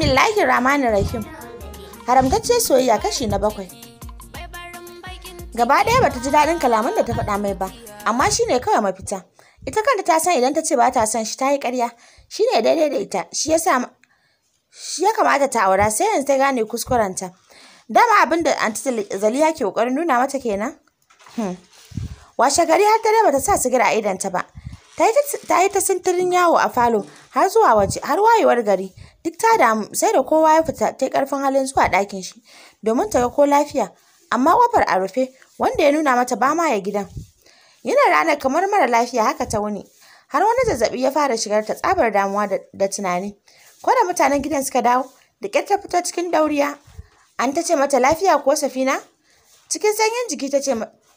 bismillahir rahmanir rahim haramtacce soyayya kashi na bakwai gaba ɗaya bata ji daɗin kalaman da ta faɗa mai ba amma shine kawai mafita ita kanta ta san idan ta ce ba ta son shi ta yi ƙarya shine daidai da ita shi sa shi ya kamata ta aura sai yanzu ta gane kuskurenta dama abin da anti zaliya ke ƙoƙarin nuna mata kenan hmm. washe gari har dare bata sa sigira a ta ba ta yi ta sintirin yawo a falo har zuwa waje har wayewar gari Duk ta damu sai da kowa ya fita ta ƙarfin halin zuwa ɗakin shi domin ta ga ko lafiya. Amma kofar a rufe wanda ya nuna mata ba ma ya gidan. Yana ranar kamar mara lafiya haka ta wuni. Har wani zazzabi ya fara shigar ta tsabar damuwa da tunani. Ko da mutanen gidan suka dawo, da ƙyar ta fito cikin dauriya. An ta ce mata lafiya ko safina? Cikin sanyin jiki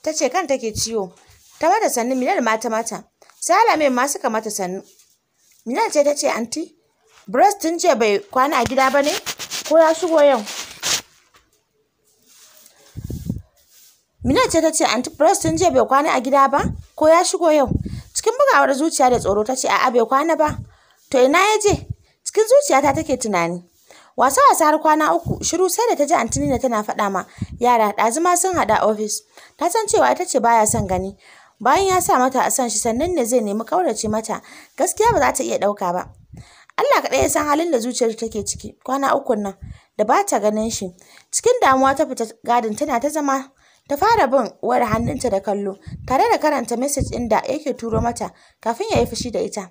ta ce kan take ciwo. Ta mata sannu minar mata mata. Sai alamin ma suka mata sannu. Minar ce ta ce anti, Brest tun jiya bai kwana a gida ba ne? Ko ya shigo yau? Minna ce ta ce, Aunty Brest tun jiya bai kwana a gida ba? Ko ya shigo yau? Cikin bugawar zuciya da tsoro ta ce, A'a bai kwana ba. To ina ya je? Cikin zuciyata take tunani. Wasa wasa har kwana uku, shiru sai da ta ji Antinina tana faɗa ma yara ɗazuma sun haɗa ofis. Ta san cewa ita ce baya son gani. Bayan ya sa mata a son shi sannan ne zai nemi kaurace mata. Gaskiya ba za ta iya ɗauka ba. Allah kaɗai ya san halin da zuciyar take ciki kwana ukun nan da ba ta ganin shi cikin damuwa ta fita gadin tana ta zama ta fara bin wayar hannunta da kallo tare da karanta message ɗin da yake turo mata kafin ya yi fushi da ita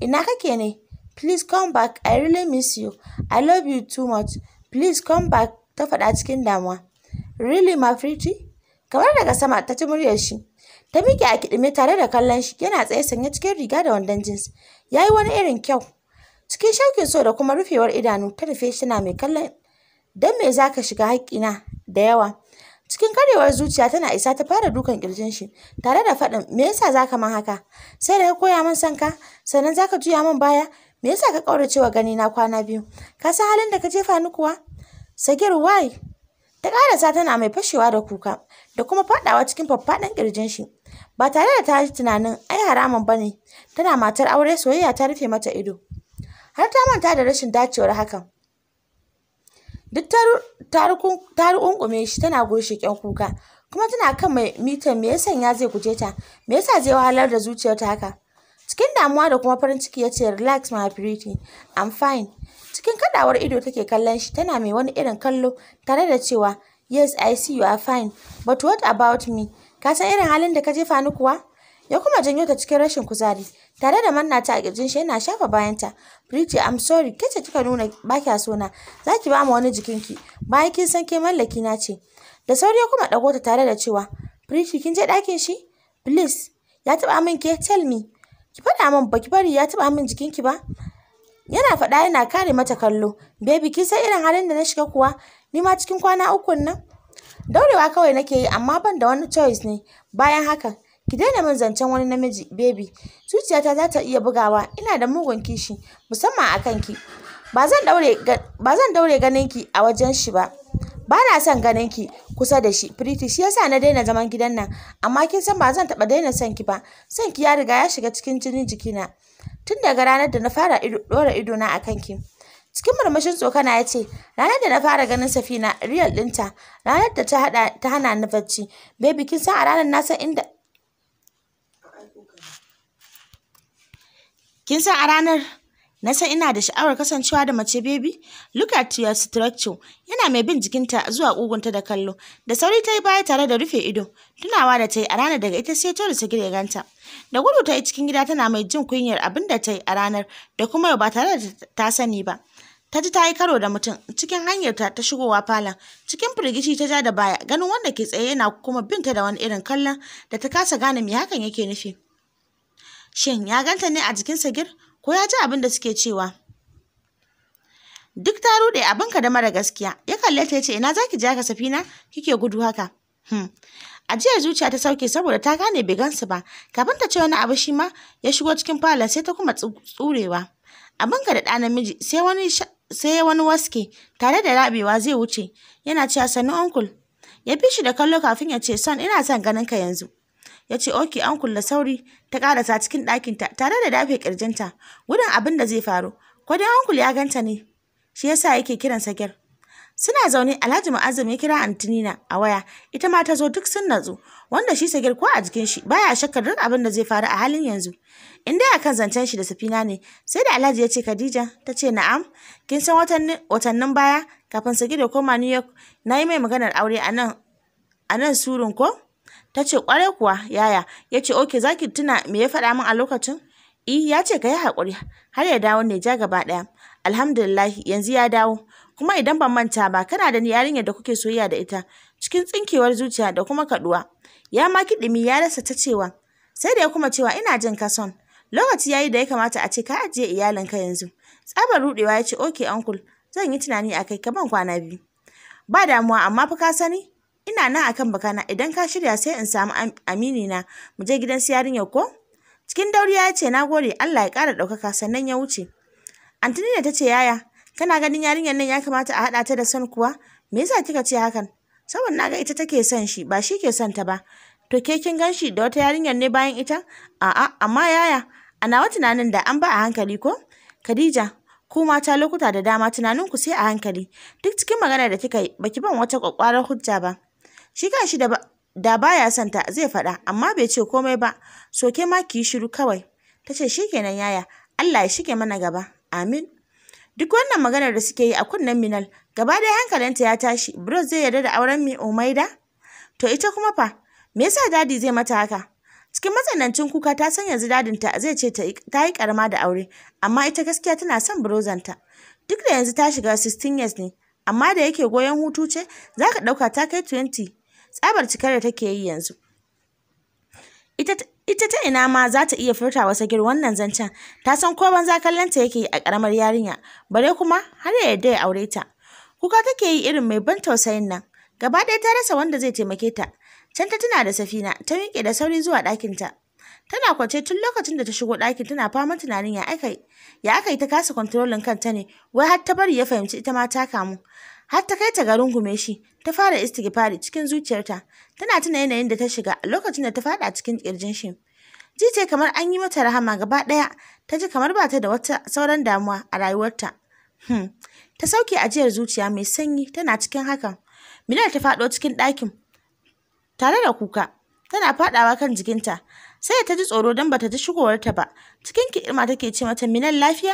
ina kake ne please come back I really miss you I love you too much please come back ta faɗa cikin damuwa really my pretty kamar daga sama ta ci muryar shi ta miƙe a kiɗime tare da kallon shi yana tsaye sanye cikin riga da wandon jeans ya yi wani irin kyau Cikin shaukin so da kuma rufewar idanu ta rufe shi na mai kallon don me za ka shiga haƙƙina da yawa. Cikin karewar zuciya tana isa ta fara dukan kirjin shi tare da faɗin me yasa za ka man haka? Sai da ka koya min sanka sannan za ka juya min baya me yasa ka cewa gani na kwana biyu? Ka san halin da ka jefa ni kuwa? Sagir wai Ta ƙarasa tana mai fashewa da kuka da kuma faɗawa cikin faffaɗan ƙirjin shi. Ba tare da ta ji tunanin ai haramun ba ne, tana matar aure soyayya ta rufe mata ido. har ta manta da rashin dacewar hakan duk ta rukunkume shi tana goshe kyan kuka kuma tana kan mai mitan me yasan ya zai guje ta me yasa zai wahalar da zuciyar ta haka cikin damuwa da kuma farin ciki ya ce relax my pretty i'm fine cikin kadawar ido take kallon shi tana mai wani irin kallo tare da cewa yes i see you are fine but what about me ka san irin halin da ka jefa ni kuwa ya kuma janyo ta cikin rashin kuzari tare da manna ta a kirjin shi yana shafa bayanta Pretty I'm sorry ke ce kika nuna ba kya so na zaki ba mu wani jikinki bayan kin san ke mallaki na ce da sauri ya kuma dago ta tare da cewa Pretty kin je ɗakin shi please ya taba min ke tell me ki faɗa min ba ki bari ya taba min jikin ki ba yana faɗa yana kare mata kallo baby kin san irin halin da na shiga kuwa ni ma cikin kwana ukun nan daurewa kawai nake yi amma ban da wani choice ne bayan haka. Ki daina min zancen wani namiji, baby. Zuciyata za ta iya bugawa. Ina da mugun kishi, musamman a kanki. Ba zan daure ganinki a wajen shi ba. Ba na son ki. kusa da shi, Pretty. Shi yasa na daina zaman gidan nan. Amma kin san ba zan taɓa daina son ki ba. Son ki ya riga ya shiga cikin jinin jikina. Tun daga ranar da na fara ɗora na a kanki. Cikin murmushin tsokana ya ce, ranar da na fara ganin safina, real ɗinta, ranar da ta hana ni bacci. Baby, kin san a ranar na san inda Kin san a ranar na san ina da sha'awar kasancewa da mace bebi? Look at your structure. Yana mai bin jikinta zuwa ƙugunta da kallo. Da sauri ta yi baya tare da rufe ido. Tunawa da ta yi a ranar daga ita sai Tori Sigir gire ganta. Da gudu ta yi cikin gida tana mai jin kunyar abin da ta yi a ranar da kuma ba tare da ta sani ba. ta ji ta yi karo da mutum cikin hanyarta ta shigowa falon cikin firgici ta ja da baya ganin wanda ke tsaye yana kuma binta da wani irin kallon da ta kasa gane me hakan yake nufi Shin ya ganta ne a jikin Sagir ko ya ji abin da suke cewa? Duk ta ruɗe abinka da mara gaskiya, ya kalle ta ya ce ina za ki ja ka safina kike gudu haka. Hmm. Ajiyar zuciya ta sauke saboda ta gane bai gansu ba, kafin ta ce wani abu shi ma ya shigo cikin falon sai ta kuma tsurewa. Abinka da ɗa namiji sai wani wani waske tare da rabewa zai wuce yana cewa sannu uncle ya fi shi da kallo kafin ya ce son ina son ganin ka yanzu ya ce oke an kulle sauri ta karasa cikin ɗakinta tare da dafe ƙirjinta gudun abin da zai faru ko dai ankul ya ganta ne shi yasa yake kiran sakir suna zaune alhaji ma'azum ya kira antinina a waya ita ma ta zo duk sun natsu wanda shi sagir ko a jikin shi baya shakkar duk abin da zai faru a halin yanzu in dai kan zancen shi da safina ne sai da alhaji ya ce khadija ta ce na'am kin san watannin baya kafin sagir ya koma new york na yi mai maganar aure a nan a nan surun ko ta ce kware kuwa yaya ya ce oke za ki tuna me ya faɗa min a lokacin i ya ce ka yi haƙuri har ya dawo ne ja gaba ɗaya alhamdulillah yanzu ya dawo kuma idan ban manta ba kana da yarinyar da kuke soyayya da ita cikin tsinkewar zuciya da kuma kaduwa. ya ma kiɗimi ya rasa ta cewa sai da ya kuma cewa ina jin ka son lokaci yayi da ya kamata a ce ka ajiye iyalin ka yanzu tsabar rudewa ya ce oke uncle zan yi tunani a kai ban kwana biyu ba damuwa amma fa ka sani ina nan akan bakana idan ka shirya sai in samu amini na mu je gidan su yarinyar ko cikin dauri ya ce na gode Allah ya kara ɗaukaka sannan ya wuce Antonina ta ce yaya kana ganin yarinyar nan ya kamata a hada ta da son kuwa me yasa kika ce hakan saboda na ga ita take son shi ba shi ke son ta ba to ke kin gan shi da wata yarinyar ne bayan ita a'a amma yaya ana wa tunanin da an ba a hankali ko Khadija ku mata lokuta da dama tunaninku sai a hankali duk cikin magana da kika yi baki ban wata kwakwaran hujja ba Shi ka shi da baya son ta zai faɗa amma bai ce komai ba. Soke ma ki shiru kawai. Ta ce shikenan yaya Allah ya shige mana gaba. Amin. Duk wannan maganar da suke yi a kunnen Minal gaba dai hankalinta ya tashi. Bros zai yarda da auren mi Umaida? To ita kuma fa me yasa dadi zai mata haka? Cikin matsanancin kuka ta san yanzu dadinta zai ce ta yi karama da aure, amma ita gaskiya tana son brozanta Duk da yanzu ta shiga 16 years ne, amma da yake goyon hutu ce, za ka ɗauka ta kai 20 tsabar cikar da take yi yanzu ita ta ina ma za ta iya furta wa sagir wannan zancen ta san ko banza kallonta yake yi a karamar yarinya bare kuma har ya yarda ya aure ta kuka take yi irin mai ban tausayin nan gaba ɗaya ta rasa wanda zai taimake ta can ta tuna da safina ta miƙe da sauri zuwa ɗakin ta tana kwance tun lokacin da ta shigo ɗakin tana fama tunanin ya aka ya aka yi ta kasa kwantarolin kanta ne wai har ta bari ya fahimci ita ma ta kamu har ta kai ta ga rungume shi Ta fara istighfari cikin zuciyarta, tana tuna yanayin da ta shiga lokacin da ta faɗa cikin kirjin shi. Ji ce kamar an yi mata rahama gaba ɗaya, ta ji kamar ba ta da wata sauran damuwa a rayuwarta. Hmm. Ta sauke ajiyar zuciya mai sanyi tana cikin hakan. Minar ta faɗo cikin ɗakin tare da kuka, tana faɗawa kan jikinta. Sai ta ji tsoro don bata ji shigowarta ba. Cikin kiɗima take ce mata Milal lafiya?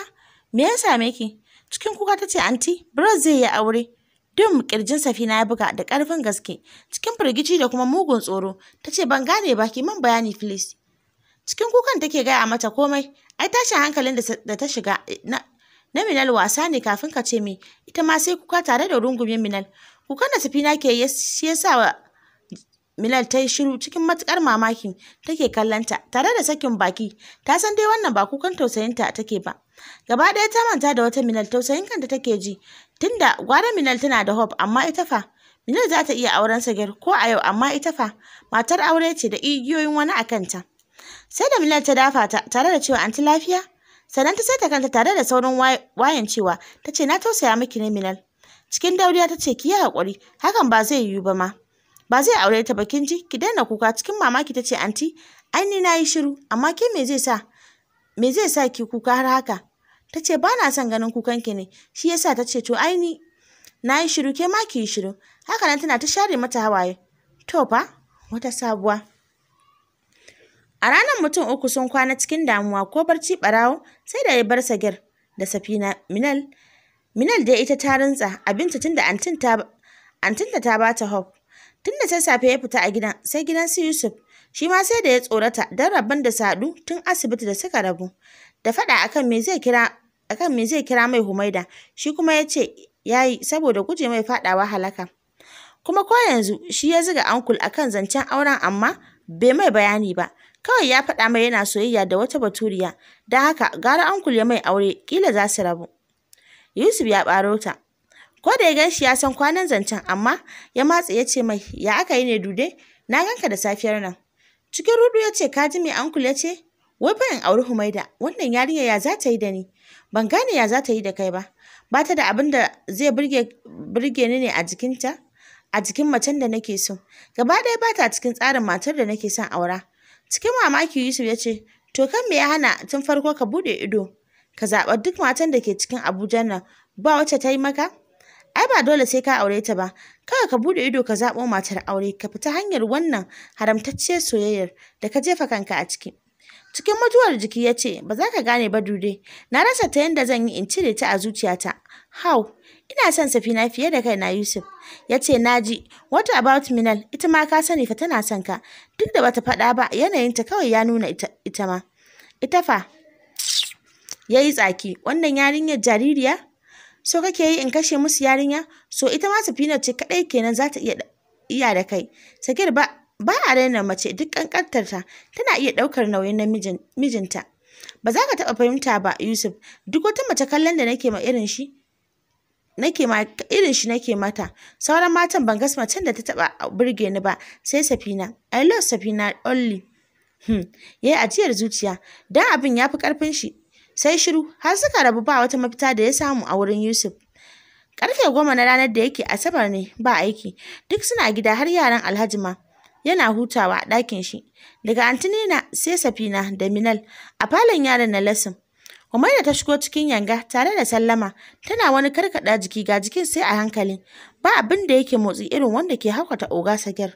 Me ya same ki? Cikin kuka tace anti, Bros zai yi aure. Dum kirjin Safina ya buga da ƙarfin gaske, cikin firgici da kuma mugun tsoro, ta ce ban gane ba ki man bayani please. Cikin kukan take gaya mata komai, ai tashin hankalin da ta shiga eh, na, Minal wasa ne kafin ka ce mi, ita ma sai kuka tare da rungumin Minal. Kukan da Safina ke shi ya sa wa Minal ta yi shiru cikin matukar mamaki take kallanta tare da sakin baki ta san dai wannan ba kukan tausayinta take ba Gaba ɗaya ta manta da wata Minal tausayin kanta take ji, tunda gwara Minal tana da hope amma ita fa Minal za ta iya auren Sagir ko a yau amma ita fa matar aure ce da igiyoyin wani a kanta. Sai da Minal ta dafa ta tare da cewa anti lafiya, sannan ta sai ta kanta tare da saurin wayan cewa ta ce na tausaya miki ne Minal. Cikin dauriya ta ce ki yi haƙuri, hakan ba zai yiwu ba ma. Ba zai aure ta ba kin ji, ki daina kuka cikin mamaki ta ce anti, ai ni na yi shiru, amma ke me zai sa? me zai sa ki kuka har haka ta ce ba na son ganin kukanki ne shi yasa ta ce to ai ni na yi shiru ke ma ki yi shiru haka nan tana ta share mata hawaye to fa wata sabuwa a ranar mutum uku sun kwana cikin damuwa ko barci barawo sai da ya bar sagir da safina minal minal da ita ta rintsa abinta tunda antinta ta bata hof tunda sai safe ya fita a gidan sai gidan su yusuf Shi ma sai da ya tsorata don rabon da sadu tun asibiti da suka rabu. Da faɗa akan me zai kira mai Humaida, shi kuma ya ce ya yi saboda guje mai faɗawa halaka. Kuma ko yanzu shi ya ziga ankul akan zancen auren amma bai mai bayani ba. Kawai ya faɗa mai yana soyayya da wata baturiya, don haka gara ankul ya mai aure kila za su rabu. Yusuf ya ɓaro ta. Ko da ya gan shi ya san kwanan zancen amma ya matse ya ce mai ya aka yi ne dude na ganka da safiyar nan. Cikin rudu ya ce, Kaji mai ankul ya ce, Wai fa in auri Humaida, wannan yarinya ya za ta yi da ni? Ban gane ya za ta yi da kai ba. Ba ta da abin da zai burge ni ne a jikinta? A jikin macen da nake so. Gaba ɗaya ba ta cikin tsarin matar da nake son aura. Cikin mamaki Yusuf ya ce, To kan me ya hana tun farko ka buɗe ido? Ka zaɓa duk matan da ke cikin Abuja nan ba wacce ta yi maka? Ai ba dole sai ka aure ta ba, Kada ka buɗe ido ka zaɓo matar aure ka fita hanyar wannan haramtacciyar soyayyar da ka jefa kanka a ciki. Cikin mutuwar jiki ya ce, Ba za ka gane ba dude, na rasa ta yadda zan yi in cire ta a zuciyata. How? Ina son Safina fiye da kai na Yusuf. Ya ce, ji. Wata about Minal? Ita ma ka sani fa tana son ka. Duk da bata faɗa ba, yanayinta kawai ya nuna ita, ma. Ita fa, ya yi tsaki, wannan yarinyar jaririya? So kake yi in kashe musu yarinya? So ita ma Safinar ce kaɗai kenan za ta iya iya da kai. Sagir ba ba a raina mace duk ƙanƙantarta tana iya ɗaukar nauyin namijin mijinta. Ba za ka taɓa fahimta ba Yusuf duk wata mace kallon da nake ma irin shi nake ma irin shi nake mata sauran matan ban gas macen da ta taɓa burge ni ba sai Safina I love Safina only hmm. yayi ajiyar zuciya dan abin ya fi ƙarfin shi sai shiru har suka rabu ba wata mafita da ya samu a wurin Yusuf Karfe goma na ranar da yake Asabar ne ba aiki. Duk suna gida har yaran Alhaji ma. Yana hutawa a ɗakin shi. Daga Antinina sai Safina da Minal a falon yaran na Lasim. Umaira ta shigo cikin yanga tare da sallama tana wani karkada jiki ga jikin sai a hankali ba abin da yake motsi irin wanda ke haukata oga sagar.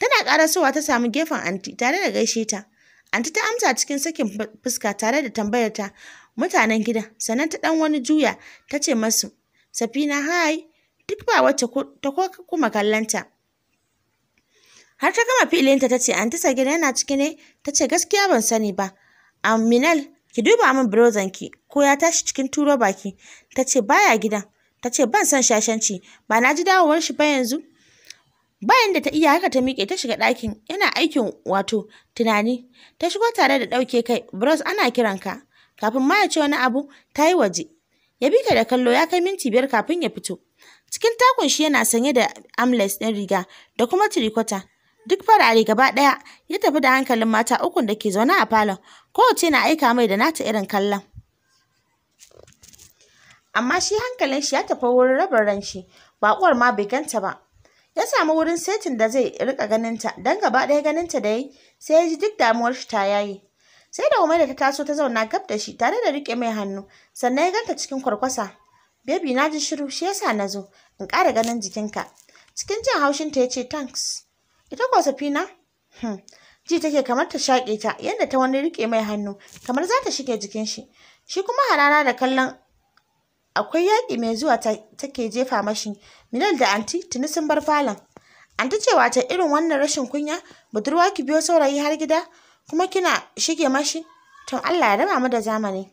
Tana karasowa ta samu gefen anti tare da gaishe ta. Anti ta amsa cikin sakin fuska tare da tambayar mutanen gida, sannan ta ɗan wani juya ta ce masu Safina hai, duk ba wacce ta kuma kallanta. Har ta gama filinta ta ce, Anti Sagina yana ciki ne? Ta ce, Gaskiya ban sani ba. Aminal, ki duba min ki. ko ya tashi cikin turo baki. Ta ce, Baya gida. Ta ce, Ban son shashanci, ba na ji dawowar shi ba yanzu. Bayan da ta iya haka ta miƙe ta shiga ɗakin, yana aikin wato tunani. Ta shigo tare da ɗauke kai, Bros ana kiranka. Kafin ma ya ce wani abu, ta yi waje. ya bi ka da kallo ya kai minti biyar kafin ya fito cikin takun shi yana sanye da amles ɗin riga da kuma tirikota duk farare gaba ɗaya ya tafi da hankalin mata ukun da ke zaune a falon kowace na aika mai da nata irin kallon amma shi hankalin shi ya tafi wurin rabin ran shi baƙuwar ma bai ganta ba ya samu wurin setin da zai rika ganinta don gaba ɗaya ganinta da yi sai ya ji duk damuwar shi ta yayi sai da umaira ta taso ta zauna gab da shi tare da riƙe mai hannu sannan ya ganta cikin kwarkwasa bebi na ji shiru shi yasa na zo in ƙara ganin jikinka. Cikin jin haushinta ya ce thanks. Ita kuwa safina? Hmm. Ji take kamar ta shaƙe ta yadda ta wani riƙe mai hannu kamar za ta shige jikin shi. Shi kuma harara da kallon akwai yaƙi mai zuwa take jefa mashi. Minal da anti tuni sun bar falon. Anti cewa ta irin wannan rashin kunya budurwa ki biyo saurayi har gida kuma kina shige mashi tun Allah ya raba mu da zamani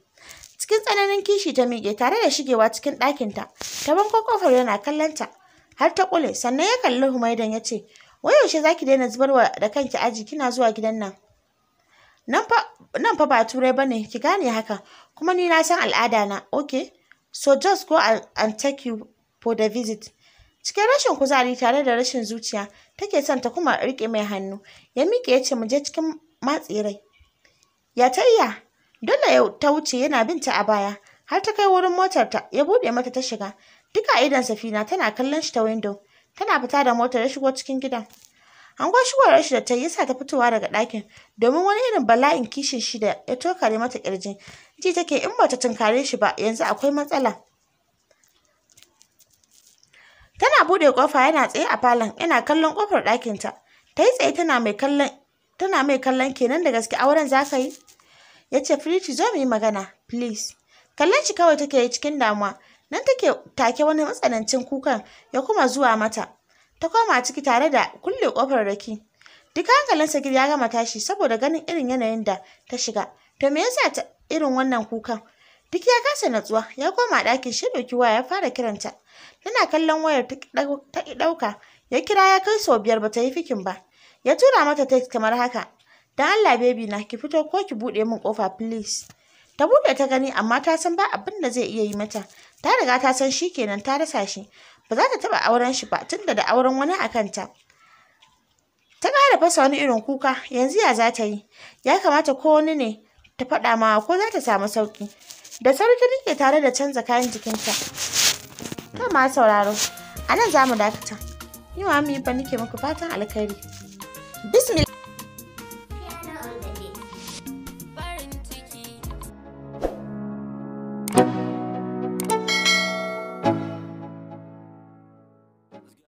cikin tsananin kishi ta miƙe tare da shigewa cikin ɗakin ta bankon kofar yana kallonta har ta ƙule sannan ya kalli humaidan ya ce wai yaushe za ki daina zubarwa da kanki aji kina zuwa gidan nan nan fa ba turai ba ne ki gane haka kuma ni na san al'ada na ok so just go and take you for the visit cikin rashin kuzari tare da rashin zuciya take son ta kuma riƙe mai hannu ya miƙe ya ce mu je cikin matse rai ya tayya dole ya ta wuce yana binta a baya har ta kai wurin motarta ya buɗe mata ta shiga duka idan safina tana kallon shi ta window tana fita da motar ya shigo cikin gidan an gwa shigowar shi da ta yi sa ta fitowa daga ɗakin domin wani irin bala'in kishin shi da ya tokare mata kirji ji take in bata tunkare shi ba yanzu akwai matsala tana buɗe ƙofa yana tsaye a falon yana kallon ƙofar ɗakinta ta yi tsaye tana mai kallon tana mai kallon kenan da gaske auren za ka yi ya ce Pretty zo mu yi magana please kallon shi kawai take yi cikin damuwa nan take take wani matsanancin kukan ya kuma zuwa mata ta koma ciki tare da kulle kofar raki duk hankalinsa gida ya gama tashi saboda ganin irin yanayin da ta shiga to me yasa ta irin wannan kukan duk ya kasa natsuwa ya koma ɗakin shi ɗauki waya ya fara kiranta tana kallon wayar ta ɗauka ya kira ya kai sau biyar bata yi fikin ba ya tura mata text kamar haka dan Allah baby na ki fito ko ki bude min kofa, please ta buɗe ta gani amma ta san ba abin da zai iya yi mata ta riga ta san shi kenan ta rasa shi ba za ta taɓa auren shi ba tunda da auren wani a kanta ta kara fasa wani irin kuka yanzu ya za ta yi ya kamata ko wani ne ta faɗa ma ko za ta samu sauƙi da sauri nake tare da canza kayan jikinta ta ma sauraro a nan za mu dakata yi wa mi ba nake muku fatan alkhairi Bismillah.